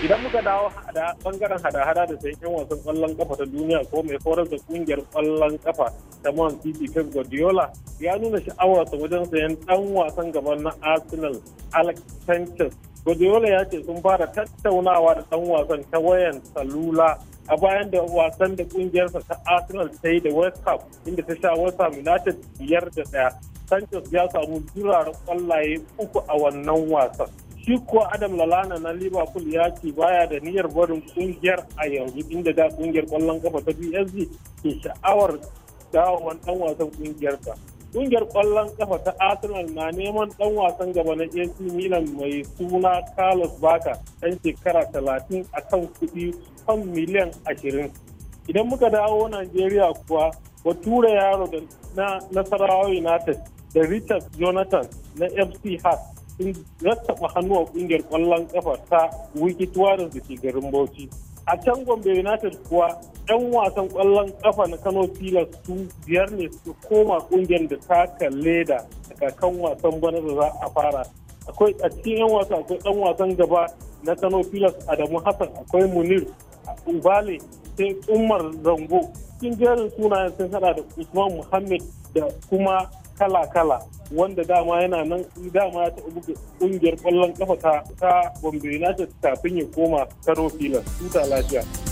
idan muka dawo da bangaren hada-hada da sai yan wasan kwallon kafa ta duniya ko mai horar da kungiyar kwallon kafa ta man city pep guardiola ya nuna sha'awarsa wajen sayan dan wasan gaban na arsenal alex sanchez guardiola ya ce sun fara tattaunawa da dan wasan ta wayan salula a bayan da wasan da kungiyarsa ta arsenal ta yi da west ham inda ta sha west ham united biyar da daya sanchez ya samu jirar kwallaye uku a wannan wasan shi kuwa adam lalana na liverpool ya ce baya da niyyar barin kungiyar a yanzu inda da kungiyar kwallon kafa ta psg ke sha'awar dawowan dan wasan kungiyar ta. kungiyar kwallon kafa ta arsenal na neman dan wasan gaba na ac milan mai suna carlos baka dan shekara talatin a kan kuɗi kan miliyan ashirin idan muka dawo najeriya kuwa bature yaro da na nasarawa united da richard jonathan na fc hart sun rattaba hannu a ƙungiyar ƙwallon ƙafa ta wiki warriors da ke garin bauchi a can gombe united kuwa yan wasan ƙwallon ƙafa na kano pilas su biyar ne su koma ƙungiyar da ta kalle da kakan wasan bana da za a fara akwai a cikin yan wasa akwai dan wasan gaba na kano pilas adamu hassan akwai munir ubale sai umar zango cikin jerin sunayen sun hada da usman muhammed da kuma kala-kala wanda dama yana nan dama ya taɓa buga ƙungiyar ƙwallon ƙafa ta Gombe United kafin ya koma karo Pilas. Tuta lafiya.